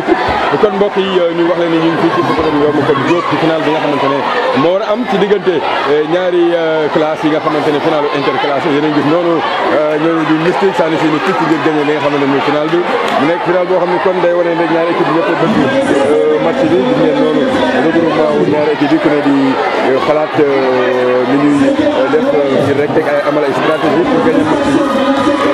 équipes kon mbokk yi euh, ñu wax leen ni ñu ngi fii ci hippodrome Yorma Codou final bi nga xamante ne moo war am ci diggante euh, ñaari euh, classe yi nga xamante ne finalu interclasse yéen a ngi gis noonu ñooñu di mystique sànni si ni picc ngir gagné li nga xamante ne mooy final bi mu nekk final boo xam ne kon day wane ne ñaari équipe yëpp bëgg match bi gis ngeen noonu regroupement wu ñaari équipe yi ne di xalaat ni ñuy def ngir rek teg ay amal ay stratégie pour gagné match bi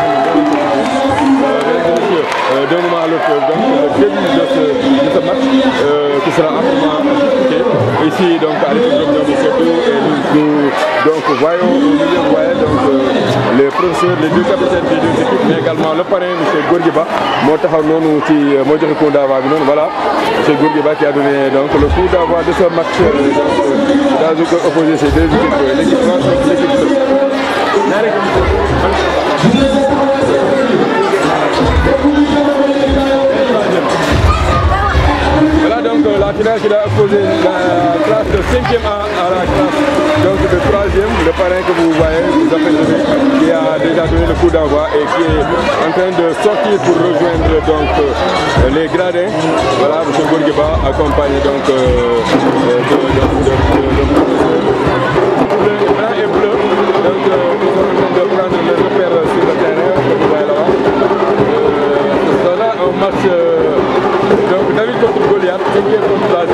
euh, d'un moment à l'autre donc le début de ce, de ce match euh, qui sera amplement expliqué ici donc à l'Institut de Soto et nous, nous, donc voyons nous voyons, voyez donc euh, les professeurs les deux capitaines des deux équipes mais également le parrain M. Gourguiba moo taxaw noonu ci euh, coup d'envoi voilà M. Gourguiba qui a donné donc le coup d'envoi de ce match euh, dans une opposé ces deux équipes l'équipe française l'équipe la finale qui a opposé la classe de 5e à, la classe donc de 3e, le parrain que vous voyez, vous qui a déjà donné le coup d'envoi et qui est en train de sortir pour rejoindre donc les gradins. Voilà, M. Bourguiba accompagné donc euh, de, et bleu. Donc, nous sommes en train de prendre le repère sur le terrain. Voilà. Euh, là un match David contra Goliath, quem que ia contar?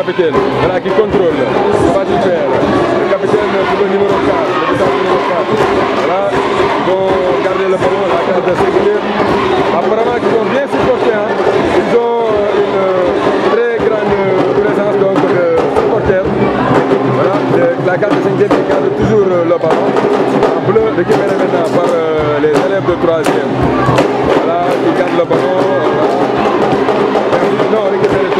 capitaine. Voilà qui contrôle. Pas du faire. Le capitaine pour le numéro 4. Le numéro 4. Voilà. Ils vont garder le ballon la carte de sécurité. Apparemment ils sont bien supportés. Hein. Ils ont euh, une très grande présence donc, de supporters. Voilà. la carte de 5e qui garde toujours le ballon. En bleu, récupéré maintenant par euh, les élèves de 3e. Voilà, ils garde le ballon. Non, est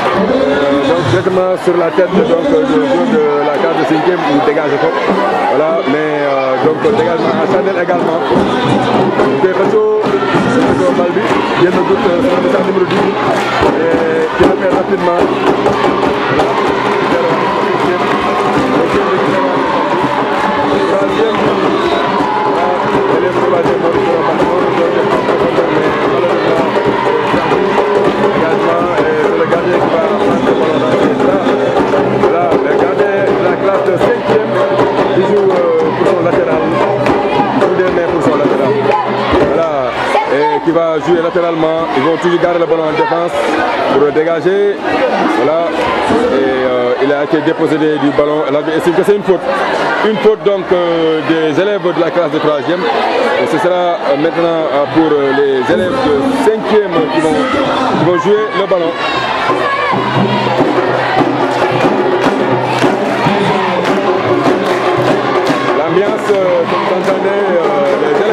donc directement sur la tête donc, le euh, joueur de la carte de 5 il dégage pas. Voilà, mais euh, donc dégagement à Chanel également. Il y a le doute sur le message numéro 10 et qui a fait rapidement. Voilà. toujours garder le ballon en défense pour le dégager. Voilà. Et euh, il a été déposé du ballon. c'est une faute. Une faute donc euh, des élèves de la classe de 3e. Et ce sera euh, maintenant pour les élèves de 5e qui vont, jouer le ballon. L'ambiance, comme vous entendez,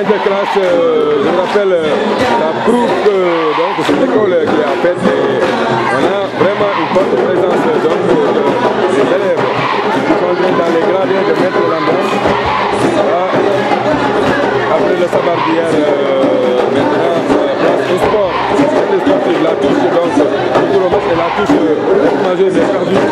classe, euh, je rappelle, euh, la groupe, euh, donc, cette école qui est fait, on a vraiment une forte présence donc, les élèves qui sont dans les gradins de mettre l'ambiance. Après le sabbat d'hier, maintenant, place au sport. le la touche, donc, le la touche,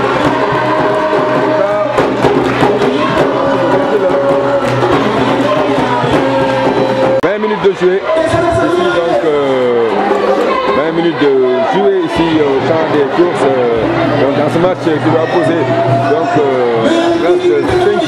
donc 20 euh, minutes de jouer ici au champ des courses. Euh, dans ce match qui va poser donc euh,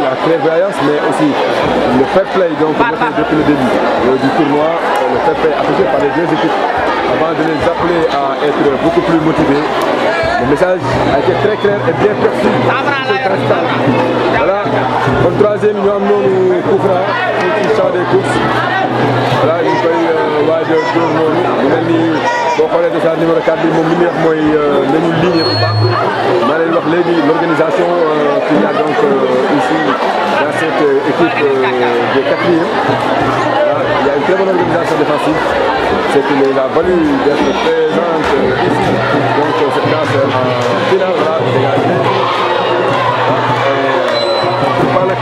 la clairvoyance, mais aussi le fair play donc depuis le début du tournoi, le fair play apprécié par les deux équipes avant de les appeler à être beaucoup plus motivés. Le message a été très clair et bien perçu. Voilà, pour le troisième, nous avons nous couvrons qui des courses. Voilà, il y a eu de boo de numéro 4 mon mon l'organisation euh, qu'il y a donc euh, ici dans cette euh, équipe de 4 il y a une très bonne organisation défensive c'est qu'il a valeur d'être présente ici donc cette classe en finale par la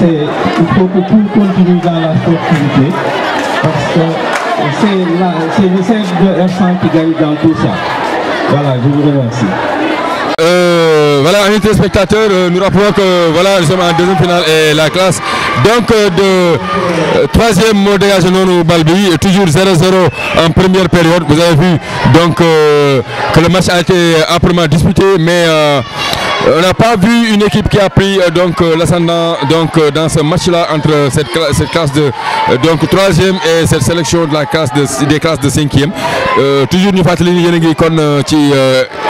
c'est il faut que tout continue dans la sportivité parce que c'est le cercle de qui gagne dans tout ça. Voilà, je vous remercie. Euh, voilà, amis téléspectateurs, euh, nous rappelons que voilà, nous sommes en deuxième finale et la classe donc euh, de euh, troisième mot au non Balbi, toujours 0-0 en première période. Vous avez vu donc que le match a été amplement disputé, mais euh, on n'a pas vu une équipe qui a pris euh, donc euh, l'ascendant donc dans ce match-là entre cette, classe de donc e et cette sélection de la classe des classes de 5e. toujours une fois, ni yéen a qui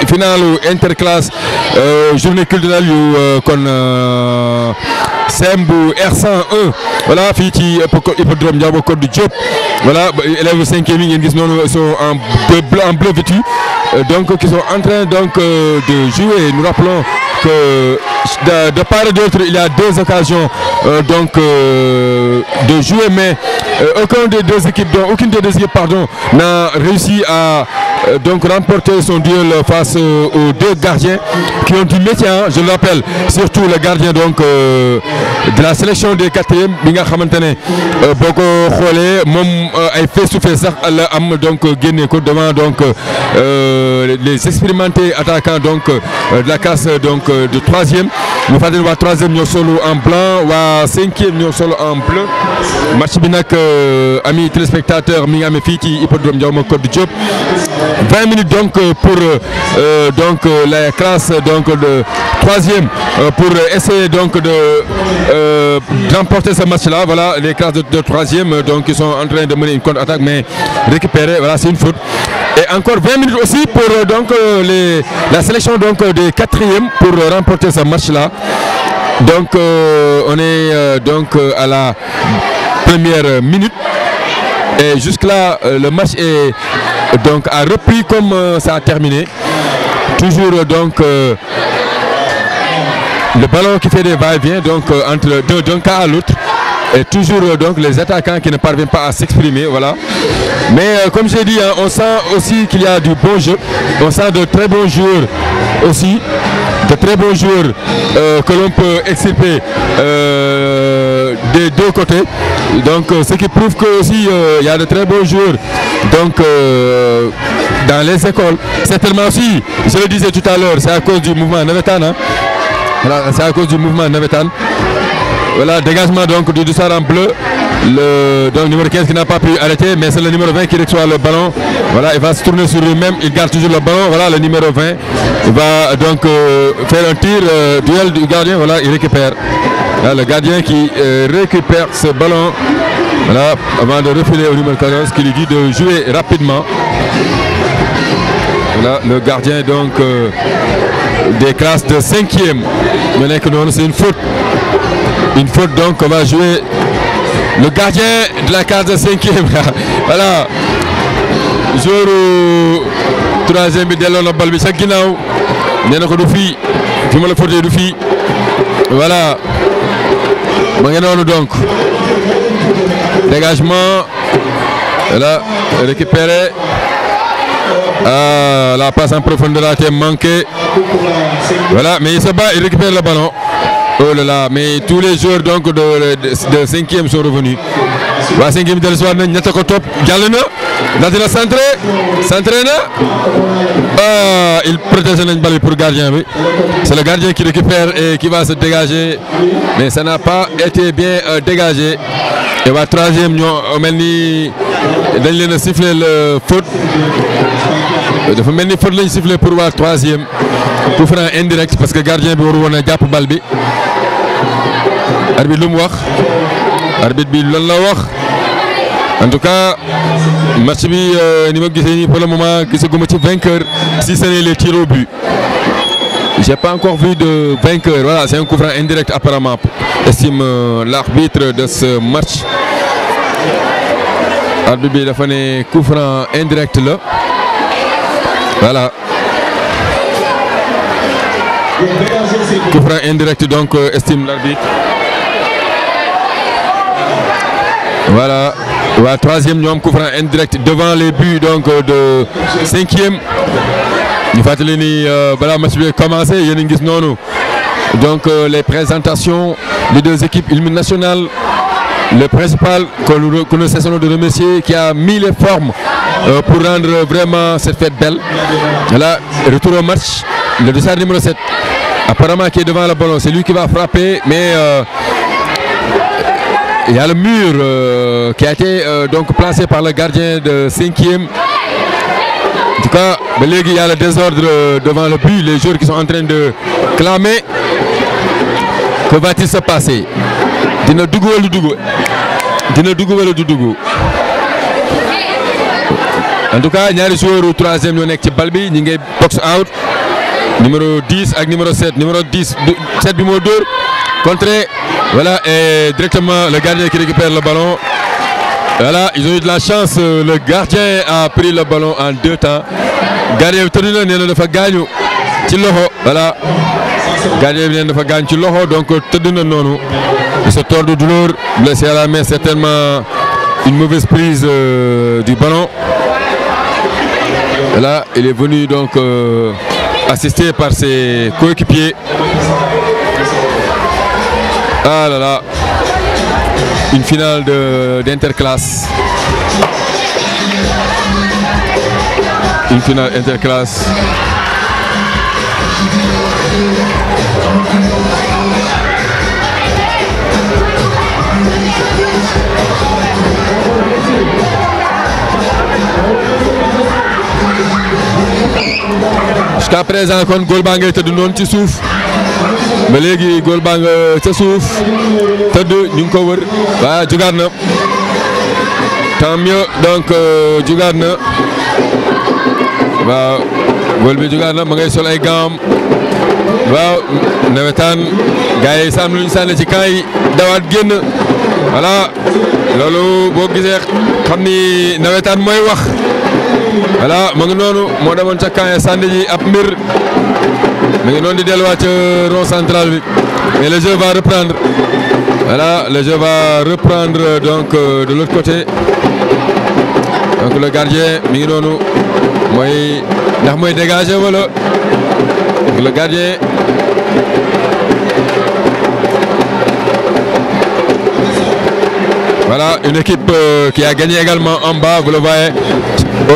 finale, ou interclasse journée culturelle Sembu R101 voilà Fiti ci hippodrome de du Diop voilà élèves 5e ligne gis ils sont en bleu en bleu vêtu euh, donc qui sont en train donc euh, de jouer nous rappelons que de, part et d'autre il y a deux occasions euh, donc de jouer mais aucune des deux équipes donc aucune des deux équipes pardon n'a réussi à euh, donc remporter son duel face euh, aux deux gardiens qui ont du métier, hein, je le rappelle, surtout le gardien donc euh, de la sélection des 4 bi Binga Khamantane, Boko boo Mom ay am donc devant donc les expérimentés attaquants donc de la casse donc de troisième Nous fàttali le troisième ñoo solo en blanc 5 cinquième ñoo solo en bleu match bi ami téléspectateur mi nga il peut ci hippodrome mon code 20 minutes donc euh, pour euh, euh, donc la classe donc de e pour essayer donc de remporter ce match-là. Voilà les classes de, 3e donc ils sont en train de mener une contre-attaque mais récupérer voilà c'est une faute. Et encore 20 minutes aussi pour donc les, la sélection donc des e pour remporter ce match-là. Donc on est donc à la première minute et jusque là le match est donc à repris comme euh, ça a terminé. Toujours euh, donc euh, le ballon qui fait des va-et-vient donc entre d'un cas à l'autre. Et toujours donc les attaquants qui ne parviennent pas à s'exprimer, voilà. Mais comme j'ai dit, hein, on sent aussi qu'il y a du bon jeu, on sent de très bons jours aussi, de très bons jours que l'on peut extirper des deux côtés. Donc euh, ce qui prouve que aussi euh, il y a de très beaux jours donc, euh, dans les écoles. Certainement aussi, je le disais tout à l'heure, c'est à cause du mouvement Nevetan. Hein. c'est à cause du mouvement Nevetan. Voilà, dégagement donc du Doussard en bleu. Le numéro 15 qui n'a pas pu arrêter, mais c'est le numéro 20 qui reçoit le ballon. Voilà, il va se tourner sur lui-même, il garde toujours le ballon. Voilà, le numéro 20 il va donc faire un tir, duel du gardien, voilà, il récupère. Ah, le gardien qui euh, récupère ce ballon avant de refiler au numéro 14 qui lui dit de jouer rapidement. Voilà, le gardien donc euh, des classes de 5e. C'est une faute. Une faute donc On va jouer le gardien de la case de 5e. voilà. Jour troisième bi ème na bal bi la voilà Maintenant nous donc dégagement là récupéré ah, la passe en profondeur a été manquée voilà mais il se bat il récupère le ballon oh là là mais tous les joueurs donc de de e sont revenus bah, cinquième ko dans le centré centré il protège une balle pour gardien oui. c'est le gardien qui récupère et qui va se dégager mais ça n'a pas été bien euh, dégagé et va troisième on mel ni le foot dafa mel mener faute lañ sifflé pour voir troisième faire un indirect parce que gardien bi un gap balbi. arbitre arbitre en tout cas match bi ni pour le moment gisaguma ci vainqueur si ce n'est le tir au but j'ai pas encore vu de vainqueur voilà c'est un coup franc indirect apparemment estime euh, l'arbitre de ce match arbitre bi fané un coup franc indirect là. voilà coup indirect donc euh, estime l'arbitre voilà voilà, troisième, nous avons couvrir indirect devant les buts donc, euh, de cinquième. Nous le voilà, match commencé, il Nono. Donc euh, les présentations des deux équipes, une nationale, le principal que nous, connaissons nous, cessons de remercier qui a mis les formes euh, pour rendre vraiment cette fête belle. voilà retour au match, le dessin numéro 7, apparemment qui est devant la ballon, c'est lui qui va frapper, mais... Il y a le mur euh, qui a été euh, donc placé par le gardien de 5e. En tout cas, il y a le désordre euh, devant le but, les joueurs qui sont en train de clamer. Que va-t-il se passer Dino Dougou ou Dougou Dino Dougou Dougou En tout cas, il y a le joueur au troisième, il y a box out numéro 10 avec numéro 7. Numéro 10, 7 du Modour. Contré. Voilà, et directement le gardien qui récupère le ballon. Voilà, ils ont eu de la chance. Le gardien a pris le ballon en deux temps. Gardien tenu le nez de Fagagno. Voilà. Gardien vient de Fagagno. Donc, tenu le gagné. Il se tord de douleur. Blessé à la main, certainement une mauvaise prise euh, du ballon. Là, il est venu donc. Euh, assisté par ses coéquipiers. Ah là là, une finale d'interclasse. Une finale interclasse. jusqu'à présent kon góol baa ngay tëdd noonu ci suuf ba léegi góol baa nga euh, ca suuf tëdd ñu ngi ko wër waaw jugaat na tant mieux donc euh, jugaat na waaw wël bi jugaat ma ngay sol ay gaam waaw nawetaan gars yi lu ñu sànni ci camp yi dawaat génn voilà loolu boo gisee xam ni nawetaan mooy wax voilà ma ngi noonu moo demoon ca camp yi sànni ji ab mbir ma ngi noonu di delluwaat ci rond central bi mais le jeu va reprendre voilà le jeu va reprendre donc euh, de l'autre côté. donc le gardien Mironou, moi, je le gardien voilà une équipe euh, qui a gagné également en bas vous le voyez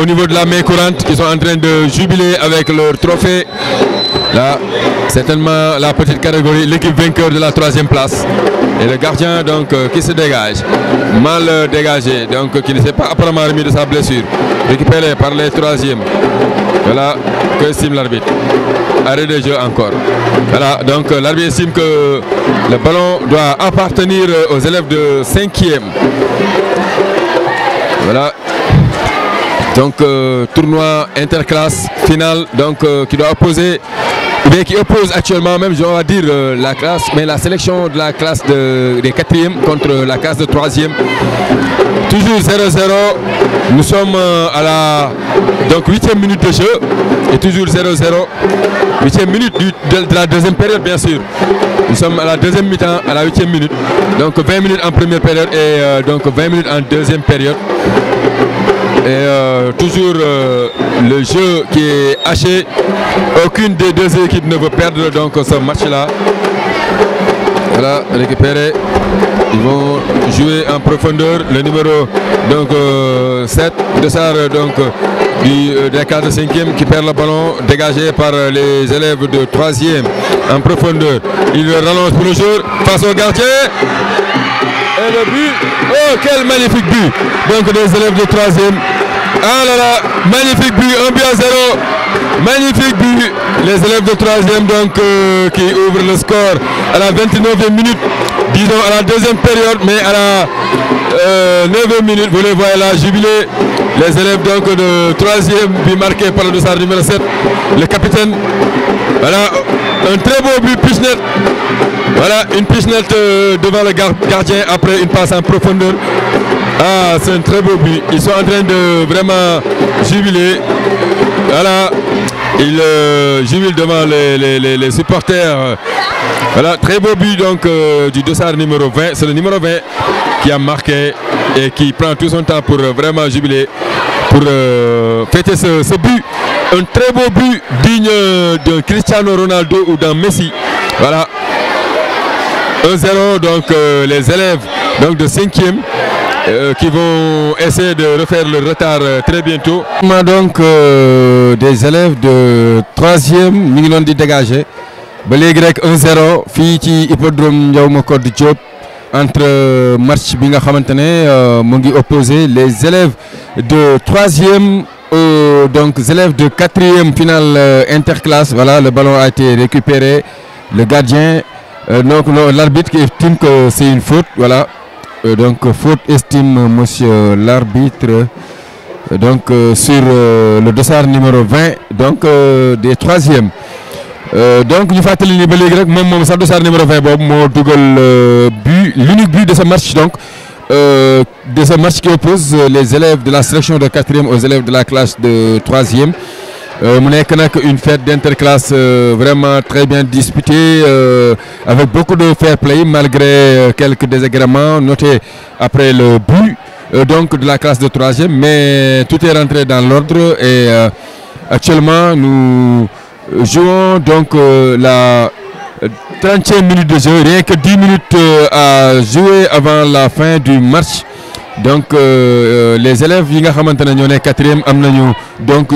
au niveau de la main courante qui sont en train de jubiler avec leur trophée Là, certainement la petite catégorie, l'équipe vainqueur de la troisième place. Et le gardien donc euh, qui se dégage, mal dégagé, donc qui ne s'est pas apparemment remis de sa blessure. Récupéré par les troisièmes. Voilà que estime l'arbitre. Arrêt de jeu encore. Voilà, donc euh, l'arbitre estime que le ballon doit appartenir euh, aux élèves de cinquième. Voilà, donc tournoi interclasse final donc qui doit opposer qui oppose actuellement même, je vais dire, euh, la classe, mais la sélection de la classe de, des quatrièmes contre la classe de troisième. Toujours 0-0, nous sommes euh, à la donc, 8e minute de jeu, et toujours 0-0, 8 minute de, la deuxième période bien sûr. Nous sommes à la deuxième mi-temps, à la 8e minute, donc 20 minutes en première période et euh, donc 20 minutes en deuxième période. Et euh, toujours euh, le jeu qui est haché. Aucune des deux équipes ne veut perdre donc ce match-là. Voilà, récupéré. Ils vont jouer en profondeur le numéro donc, 7 euh, de Sarre, donc du, euh, des 5e qui perd le ballon dégagé par les élèves de 3e en profondeur. Il rallonge pour le jour face au gardien. Et le but, oh quel magnifique but Donc des élèves de 3e. Ah là là, magnifique but, un but à zéro, Magnifique but, les élèves de 3 donc euh, qui ouvrent le score à la 29e minute, disons à la deuxième période, mais à la 9e euh, minute, vous les voyez là, jubilé. Les élèves donc de 3e, but marqué par le dossard numéro 7, le capitaine. Voilà, un très beau but, Pisnet. Voilà, une euh, devant le gardien après une passe en profondeur. Ah, c'est un très beau but. Ils sont en train de vraiment jubiler. Voilà, ils euh, jubilent devant les, supporters. Voilà, très beau but donc euh, du dossard numéro 20. C'est le numéro 20 qui a marqué et qui prend tout son temps pour vraiment jubiler, pour fêter ce, ce but un très beau but digne de Cristiano Ronaldo ou d'un Messi. Voilà. 1-0, donc euh, les élèves donc de 5e euh, qui vont essayer de refaire le retard euh, très bientôt. On a donc des élèves de 3e, nous dégagé. dégager. 1-0, Fiti Hippodrome Yaoumoko de Entre match Binga Khamantane, Mongi opposé, les élèves de 3e euh, donc, élèves de quatrième finale euh, interclasse. Voilà, le ballon a été récupéré. Le gardien, euh, donc l'arbitre estime que c'est une faute. Voilà, donc faute estime monsieur l'arbitre. Donc sur le dossard numéro 20, donc des troisièmes. donc nous fàttali ni ba léegi même même dossard numéro 20 bon moo but l'unique but de ce match donc euh, de ce match qui oppose euh, les élèves de la sélection de 4e aux élèves de la classe de 3e. Euh, a une fête d'interclasse euh, vraiment très bien disputée avec beaucoup de fair play malgré quelques désagréments notés après le but donc de la classe de 3e. mais tout est rentré dans l'ordre et actuellement nous jouons donc la 35 minutes de jeu, rien que 10 minutes euh, à jouer avant la fin du match. donc euh, euh, les élèves yi nga est quatrième donc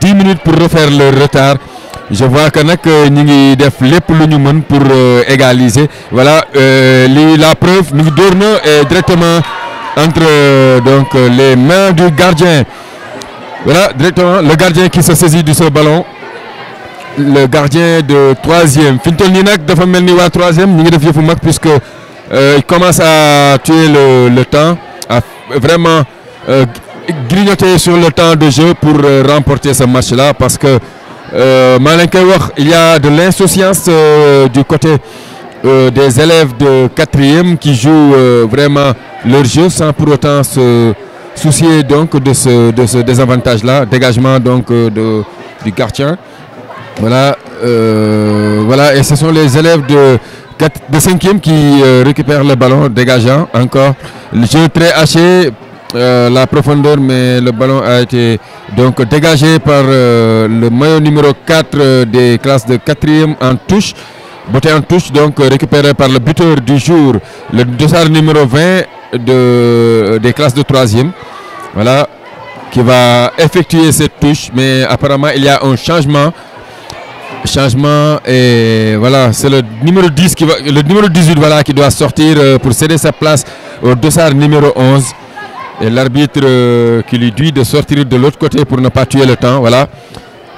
10 minutes pour refaire le retard je vois que a que ngi def pour égaliser voilà la preuve nous dormons directement entre donc les mains du gardien voilà directement le gardien qui se saisit de ce ballon le gardien de troisième e Fintol Ninak, de troisième euh, il commence à tuer le temps à vraiment euh, grignoter sur le temps de jeu pour euh, remporter ce match là parce que malin il y a de l'insouciance du côté des élèves de 4e qui jouent vraiment leur jeu sans pour autant se soucier donc de ce désavantage là dégagement donc du gardien voilà, euh, voilà, et ce sont les élèves de, 5e qui euh, récupèrent le ballon, dégageant encore. Le jeu très haché, euh, la profondeur, mais le ballon a été donc dégagé par le maillot numéro 4 des classes de 4e en touche. Beauté en touche, donc récupéré par le buteur du jour, le dossard numéro 20 de, des classes de 3e. Voilà, qui va effectuer cette touche, mais apparemment il y a un changement changement et voilà c'est le numéro 10 qui va le numéro 18 voilà qui doit sortir euh, pour céder sa place au dossard numéro 11 et l'arbitre euh, qui lui dit de sortir de l'autre côté pour ne pas tuer le temps voilà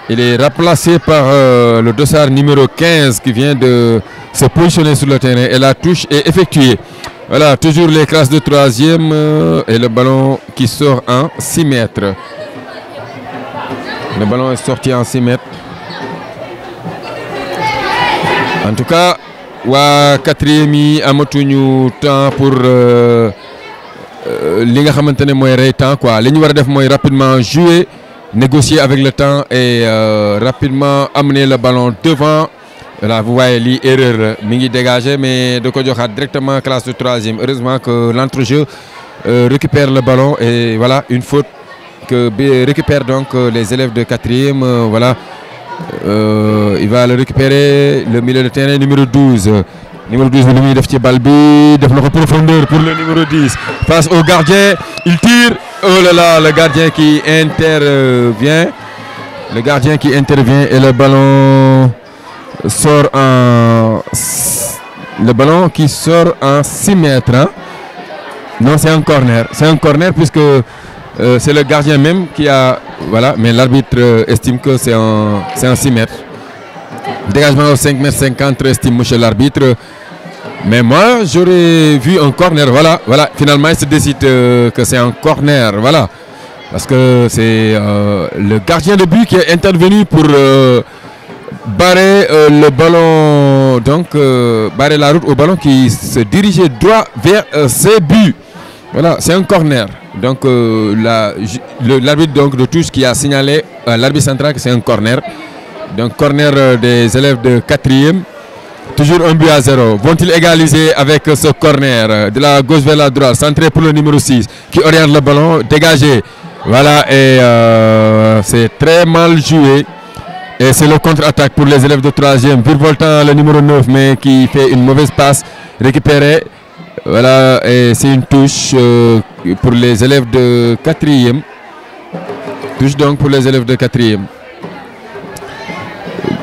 il est remplacé par euh, le dossard numéro 15 qui vient de se positionner sur le terrain et la touche est effectuée voilà toujours les classes de troisième et le ballon qui sort en 6 mètres le ballon est sorti en 6 mètres en tout cas wa quatrième a un temps pour euh, euh, li nga temps quoi li ñu rapidement jouer négocier avec le temps et euh, rapidement amener le ballon devant vous voyez l'erreur Mingi dégagé mais de ko joxat directement classe de troisième heureusement que l'entrejeu récupère le ballon et voilà une faute que récupère donc les élèves de 4 e voilà euh, il va le récupérer le milieu de terrain numéro 12 numéro 12 le milieu de Balbi, de profondeur pour le numéro 10 face au gardien il tire oh là là le gardien qui intervient le gardien qui intervient et le ballon sort en le ballon qui sort en 6 mètres hein. non c'est un corner c'est un corner puisque euh, c'est le gardien même qui a. Voilà, mais l'arbitre euh, estime que c'est un, 6 mètres. Dégagement au 5 mètres 50, estime monsieur l'arbitre. Mais moi, j'aurais vu un corner. Voilà, voilà. Finalement, il se décide euh, que c'est un corner. Voilà. Parce que c'est le gardien de but qui est intervenu pour barrer le ballon. Donc, barrer la route au ballon qui se dirigeait droit vers ses buts. Voilà, c'est un corner. Donc euh, l'arbitre de tous qui a signalé euh, l'arbitre central que c'est un corner. Donc corner euh, des élèves de 4e. Toujours un but à zéro. Vont-ils égaliser avec ce corner de la gauche vers la droite, centré pour le numéro 6 qui oriente le ballon, dégagé. Voilà, et c'est très mal joué. Et c'est le contre-attaque pour les élèves de 3e. Virevoltant le numéro 9, mais qui fait une mauvaise passe récupérée. Voilà, et c'est une touche euh, pour les élèves de quatrième. Touche donc pour les élèves de quatrième.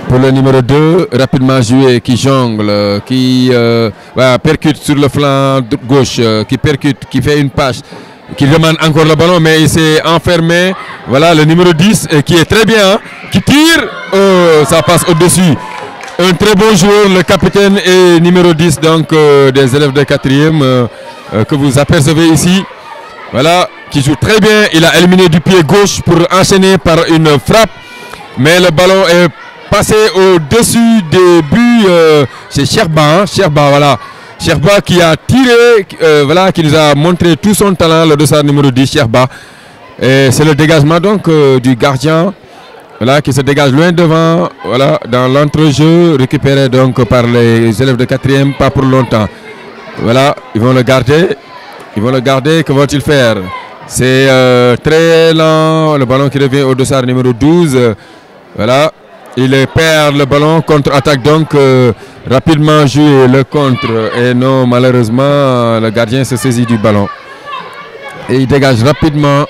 Pour le numéro 2, rapidement joué, qui jongle, qui euh, percute sur le flanc gauche, euh, qui percute, qui fait une passe, qui demande encore le ballon, mais il s'est enfermé. Voilà le numéro 10, qui est très bien, hein, qui tire, oh, ça passe au-dessus un très bon joueur, le capitaine et numéro 10 donc, euh, des élèves de 4e euh, euh, que vous apercevez ici. Voilà, qui joue très bien. Il a éliminé du pied gauche pour enchaîner par une frappe. Mais le ballon est passé au-dessus des buts. C'est Sherba, hein, Sherba, voilà. Sherba qui a tiré, voilà, qui nous a montré tout son talent, le sa numéro 10, Sherba. C'est le dégagement donc du gardien voilà, qui se dégage loin devant, voilà, dans l'entrejeu, récupéré donc par les élèves de quatrième, pas pour longtemps. Voilà, ils vont le garder, ils vont le garder, que vont-ils faire C'est euh, très lent, le ballon qui revient au dossard numéro 12, voilà, il perd le ballon, contre-attaque donc, euh, rapidement joué le contre, et non, malheureusement, le gardien se saisit du ballon. Et il dégage rapidement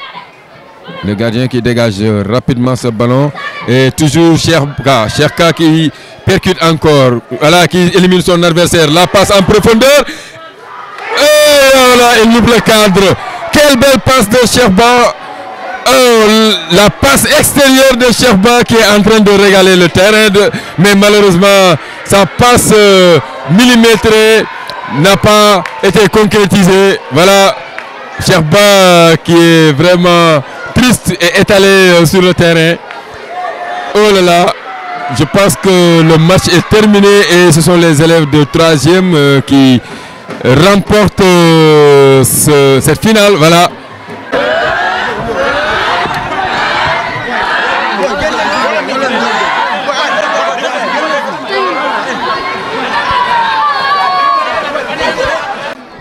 le gardien qui dégage rapidement ce ballon. Et toujours Cherka. Cherka qui percute encore. Voilà, qui élimine son adversaire. La passe en profondeur. Et voilà, il double le cadre. Quelle belle passe de Cherba. Oh, la passe extérieure de Cherba qui est en train de régaler le terrain. mais malheureusement, sa passe euh, millimétrée n'a pas été concrétisée. Voilà, Cherba qui est vraiment Christ est allé euh, sur le terrain. Oh là là, je pense que le match est terminé et ce sont les élèves de 3e euh, qui remportent euh, cette finale. Voilà.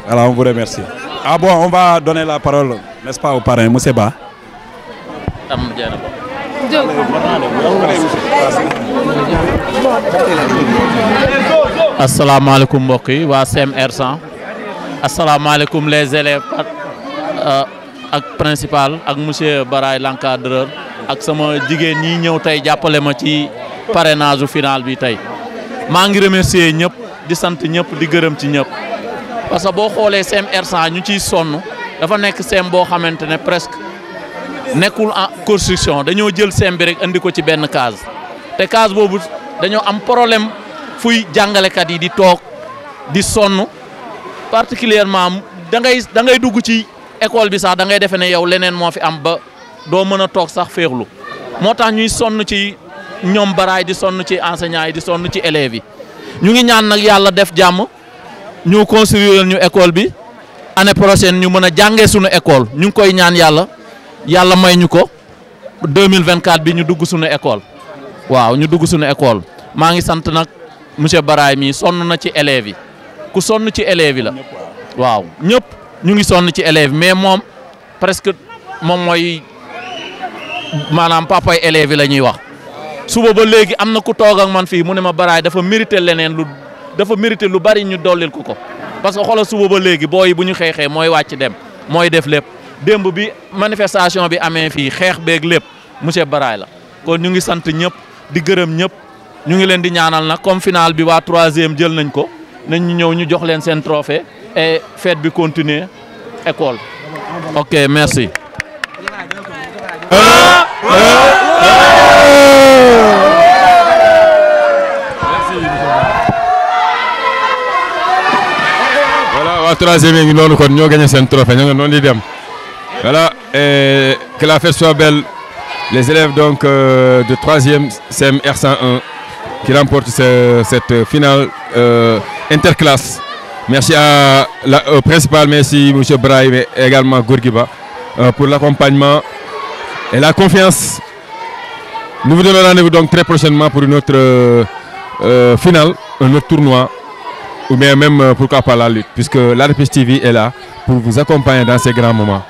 Alors, on vous remercie. Ah bon, on va donner la parole, n'est-ce pas, au parrain Mousseba. am jéem a ko. jërëjëf. asalaamaaleykum mbokk yi waa CMR asalaamaaleykum les élèves ak euh, ak principal ak monsieur Baray l'encadreur ak sama jigéen ñi ñëw tey jàppale ma ci parrainage final bi tey maa ngi remercier ñëpp di sant ñëpp di gërëm ci ñëpp parce que boo xoolee CMR 100 ñu ciy sonn dafa nekk CEM boo xamante ne presque. nekkul en construction dañoo jël sembi rek indi ko ci benn case te case boobu dañoo am problème fuy jàngalekat yi di toog di sonn particulièrement da dangay da ngay dugg ci école bi sax da ngay defe ne yow leneen moo fi am ba doo mën a toog sax féexlu moo tax ñuy sonn ci ñoom baraay di sonn ci enseignants yi di sonn ci élèves yi ñu ngi ñaan nag yàlla def jàmm ñu construire ñu école bi année prochaine ñu mën a jàngee sunu école ñu ngi koy ñaan yàlla. yàlla may ñu ko 2024 bi ñu dugg suñu école waaw ñu dugg suñu école maa ngi sant nag monsieur Baraay mii sonn na ci élèves yi ku sonn ci élèves yi la waaw ñëpp ñu ngi sonn ci élèves mais moom presque moom mooy maanaam papay élèves yi la ñuy wax suba ba léegi am na ku toog ak man fii mu ne ma Baraay dafa mérité leneen lu dafa mérité lu bari ñu dollil ku ko parce que xoolal suba ba léegi booy bu ñu xeexee mooy wàcc dem mooy def lépp. démb bi manifestation bi amee fii xeex beeg lépp monsieur Baraay la kon ñu ngi sant ñëpp di gërëm ñëpp ñu ngi leen di ñaanal nag comme final bi waa troisième jël nañ ko nañ ñu ñëw ñu jox leen seen trophée et fête bi continuer école. ok merci. voilà waa troisième yi noonu kon ñoo gagné seen trophée ñoo ngi noonu di dem. Voilà, et que la fête soit belle. Les élèves donc euh, de 3e R101 qui remportent cette finale euh, interclasse. Merci à la, au principal, merci M. Braille et également Gourgiba euh, pour l'accompagnement et la confiance. Nous vous donnons rendez-vous donc très prochainement pour une autre finale, un autre tournoi ou bien même pourquoi pas la lutte puisque la TV est là pour vous accompagner dans ces grands moments.